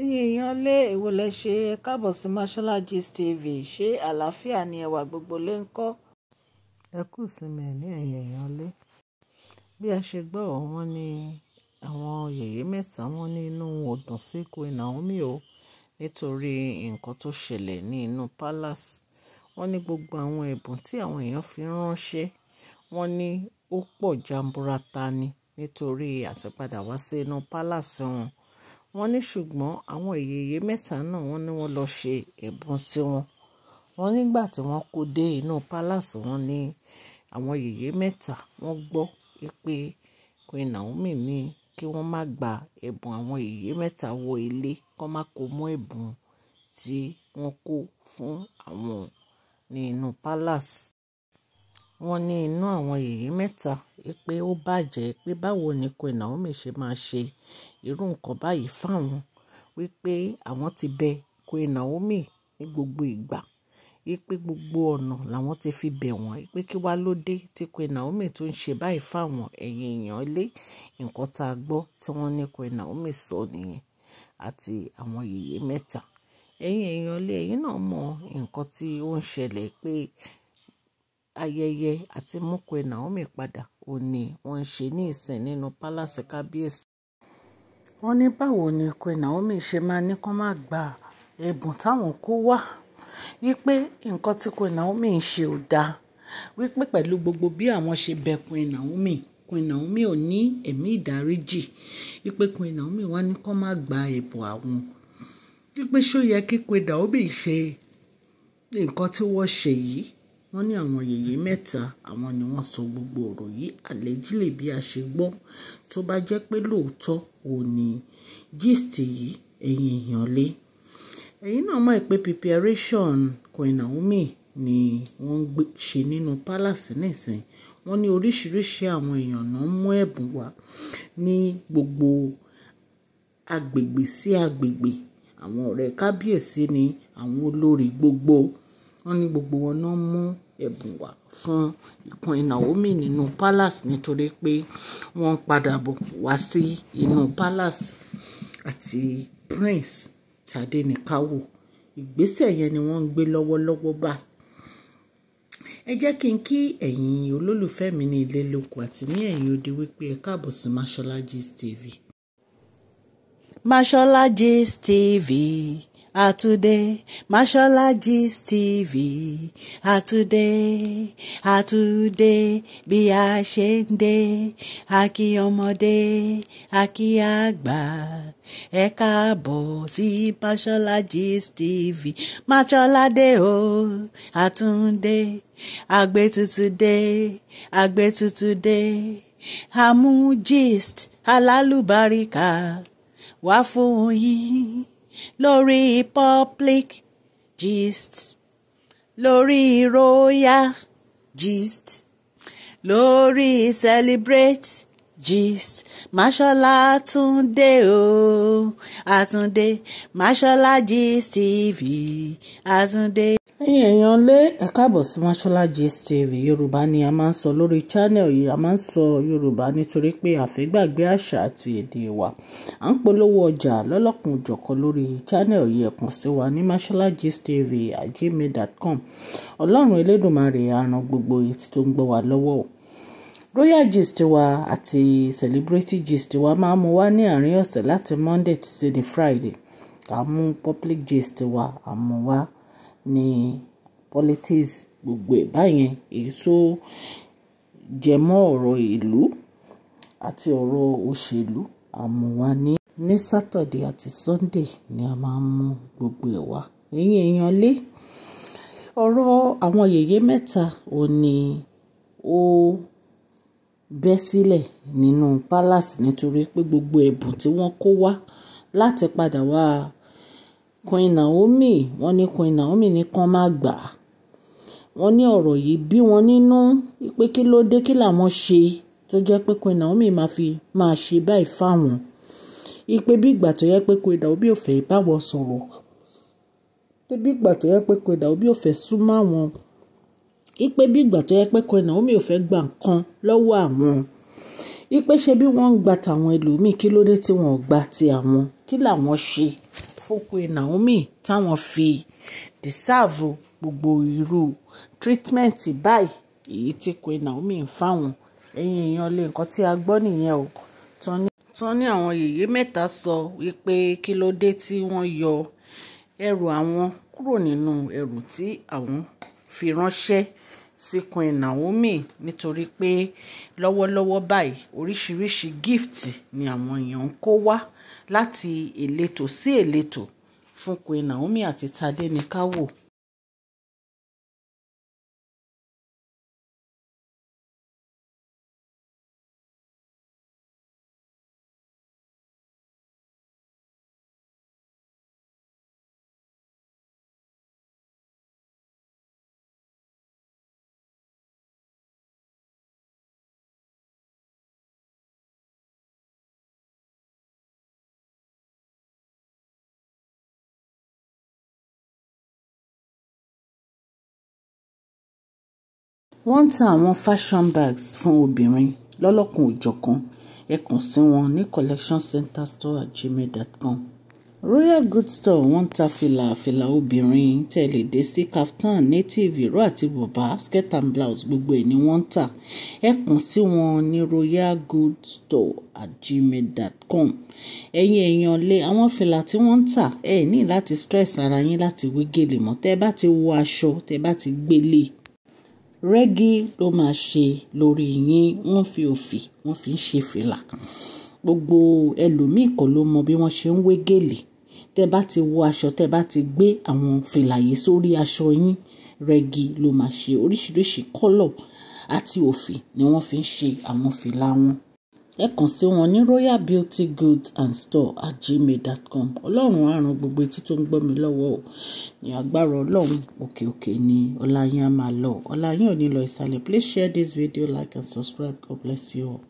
ẹ̀yin èèyàn lé èwo lẹ ṣe káàbọ̀ sí Mashola Gist TV ṣé àlàáfíà ni ẹwà gbogbo lè ń kọ́. ẹ kú ìsinmi ẹ̀ ní ẹ̀yin èèyàn lé bí a ṣe gbọ́ wọn ni àwọn yèyé mẹ́ta wọn ní inú wọn ò dùn sí Queen Naomi o nítorí nǹkan tó ṣẹlẹ̀ ní inú palace wọ́n ní gbogbo àwọn ẹ̀bùn tí àwọn èèyàn fi ránṣẹ́ wọ́n ní ó pọ̀ jamburata ni nítorí àtìpadà wá sínú palace wọn wọ́n ní ṣùgbọ́n àwọn èyèyè mẹ́ta náà wọ́n ní wọ́n lọ ṣe ẹ̀bùn sí wọn wọ́n nígbà tí wọ́n kó dé inú palace wọ́n ní àwọn yèyé mẹ́ta wọ́n gbọ́ pé Queen Naomi ní kí wọ́n má gba ẹ̀bùn àwọn yèyé mẹ́ta wọ ilé kó má kó mọ́ ẹ̀bùn tí wọ́n kó fún àwọn ní inú palace wọ́n ní inú àwọn yèyé mẹ́ta pé ó bàjẹ́ pé báwo ni Queen Naomi ṣe máa ṣe irú nǹkan báyìí fáwọn wípé àwọn ti bẹ Queen Naomi ní gbogbo ìgbà wípé gbogbo ọ̀nà làwọn ti fi bẹ̀ wọ́n wípé kí wá ló dé tí Queen Naomi tó ń ṣe báyìí fáwọn ẹ̀yìn èèyàn lé nǹkan tá a gbọ́ tí wọ́n ní Queen Naomi sọ nìyẹn àti àwọn yèyé mẹ́ta ẹ̀yìn èèyàn lé ẹ̀yìn náà mọ nǹkan tí ó ń ṣẹlẹ̀ pé ayẹyẹ àti múkúẹ Naomi padà ò ní wọ́n ń ṣe ní ìsìn nínú pálásì kábíyèsí. wọ́n ní báwo ni queen Naomi ṣe máa ní kó má gba ẹ̀bùn táwọn kó wá wípé nǹkan tí queen Naomi ń ṣe ò dáa wípé pẹ̀lú gbogbo bí àwọn ṣe bẹ queen Naomi queen Naomi ò ní ẹ̀mí ìdáríjì wípé queen Naomi wá ní kó má gba ẹ̀bùn àwọn wípé ṣó yẹ kí queen Naomi ṣe nǹkan tí wọ́n ṣe yìí wọ́n ní àwọn yèyé mẹ́ta àwọn ni wọ́n sọ gbogbo ọ̀rọ̀ yìí àlẹ́jílè bí a ṣe gbọ́ tó bá jẹ́ pé lóòótọ́ ò ní gist yìí ẹ̀yin èèyàn lé ẹ̀yin náà mọ̀ pé preparation Queen Naomi ni wọ́n ń ṣe nínú palace nísìn wọ́n ní oríṣiríṣi àwọn èèyàn náà ń mú ẹ̀bùn wá ní gbogbo agbègbè sí agbègbè àwọn ọ̀rẹ́ kábíyèsí ni àwọn olórí gbogbo wọ́n ní gbogbo wọn náà mú ẹ̀bùn wá fún Queen Naomi nínú palace nítorí pé wọ́n padà bọ̀ wá sí inú palace àti prince Tadéníkàwò ìgbésẹ̀ yẹn ni wọ́n ń gbé lọ́wọ́lọ́wọ́ báyìí ẹ jẹ́ kí n kí ẹ̀yin olólùfẹ́ mi ní ilé lóko àti ní ẹ̀yìn òde wípé ẹ káàbọ̀ sí Mashola Gist TV. Mashola Gist TV Atude, Mashola Gist TV. Atude, bí a ṣe ń dé. A kí ọmọdé, a kí àgbà. Ẹ káàbọ̀ sí Mashola Gist TV. Mashola dé o, Atunde. Àgbẹ̀ tuntun dé, àgbẹ̀ tuntun dé. Àmú gist alálùbáríkà wá fún yín lórí public gist lórí royal gist lórí celebrate gist máṣọ́lá túndé o oh. àtúndé máṣọ́lá gist tv àtúndé ẹ̀yin èèyàn lé ẹ káàbọ̀ sí mashola gist yorùbá ni a máa ń sọ lórí channel yìí a máa ń sọ yorùbá nítorí pé àfẹ́gbàgbé àṣà àti èdè wa à ń polówó ọjà lọ́lọ́kùn lórí channel yìí ẹ kàn sí wa ní mashola gist tv at gmail.com ọlọ́run elédùnmarè àrùn gbogbo ètí tó ń gbọ́ wa lọ́wọ́ o royal gist wa àti celebrity gist wa máa mú wa ní àárín ọ̀sẹ̀ láti monday títí ní friday àmú public gist wa àmú wa. Ni politics gbogbo ẹ̀ báyẹn èyí tó jẹ mọ́ ọ̀rọ̀ ìlú àti ọ̀rọ̀ òṣèlú àmúwá ní. ní sátọ̀dé àti sunday ni a máa ń mú gbogbo ẹ̀ wá ẹ̀yìn èèyàn lé ọ̀rọ̀ àwọn yèyé mẹ́ta ò ní ó bẹ́ sílẹ̀ nínú palace nítorí pé gbogbo ẹ̀bùn tí wọ́n kó wá láti padà wá. Wa Queen Naomi wọ́n ní Queen Naomi ní kán má gbà á wọ́n ní ọ̀rọ̀ yìí bí wọ́n nínú pé kí ló dé kí làwọn ṣe tó jẹ́ pé Queen Naomi máa fi máa ṣe báyìí fáwọn ipe bí ìgbà tó yẹ pé Queen Naomi ò fẹ́ báwọn sọ̀rọ̀ bí ìgbà tó yẹ pé Queen Naomi ò fẹ́ súnmọ́ àwọn ipe bí ìgbà tó yẹ pé Queen Naomi ò fẹ́ gbà nǹkan lọ́wọ́ àwọn ipe ṣe bí wọ́n ń gba tàwọn ẹlòmíì kí ló dé tí wọ́n gba ti àwọn kí làwọn ṣe Fokoe Naomi táwọn fi dìsáàvù gbogbo irú treatment báyìí èyí tí Koe Naomi ń fáwọn ẹ̀yìn èèyàn lè nǹkan tí a gbọ́ nìyẹn o tán ní àwọn yèyé mẹ́ta sọ wípé kí ló dé tí wọ́n yọ ẹrù àwọn kúrò nínú ẹrù tí àwọn fi ránṣẹ́ sí Koe Naomi nítorí pé lọ́wọ́lọ́wọ́ báyìí oríṣiríṣi gift ni àwọn èèyàn ń kó wá láti ìletò sí ìletò fún Queen Naomi àti Tadé Nikawo wọ́n ń ta àwọn fashion bags fún obìnrin lọ́lọ́kan òjọ̀kan ẹ kàn sí wọn ní collectioncentrestore@gmail.com royal good store wọ́n ń ta fìlà fìlà obìnrin tẹ̀lé dé sí kaftan native ìró àti bùbá skirt and blouse gbogbo ẹ̀ ni wọ́n ń tà ẹ kàn sí wọn ní royalgoodstore@gmail.com ẹ̀yin èèyàn lé àwọn fìlà tí wọ́n ń tà ẹ ní láti stress ara yín láti wé gèlè mọ́ tẹ́ bá ti wọ aṣọ tẹ́ bá ti gbélé rẹ́gí ló máa ṣe lórí yín wọ́n fi òfì wọ́n fi ń ṣe fìlà gbogbo ẹlòmíì kọ́ ló mọ bí wọ́n ṣe ń wé gèlè tẹ́ bá ti wọ aṣọ tẹ́ bá ti gbé àwọn fìlà yìí sórí aṣọ yín rẹ́gí ló máa ṣe oríṣiríṣi kọ́lọ̀ àti òfì ni wọ́n fi ń ṣe àwọn fìlà wọn ẹ kàn sí wọn ní royal beauty goods and store at gmail.com ọlọ́run àrùn gbogbo etí tó ń gbọ́ mi lọ́wọ́ o ní agbára ọlọ́run òkè òkè ni ọláyín á máa lọ ọláyín ò ní lọ ìsàlẹ̀ please share this video like and subscribe god bless you all.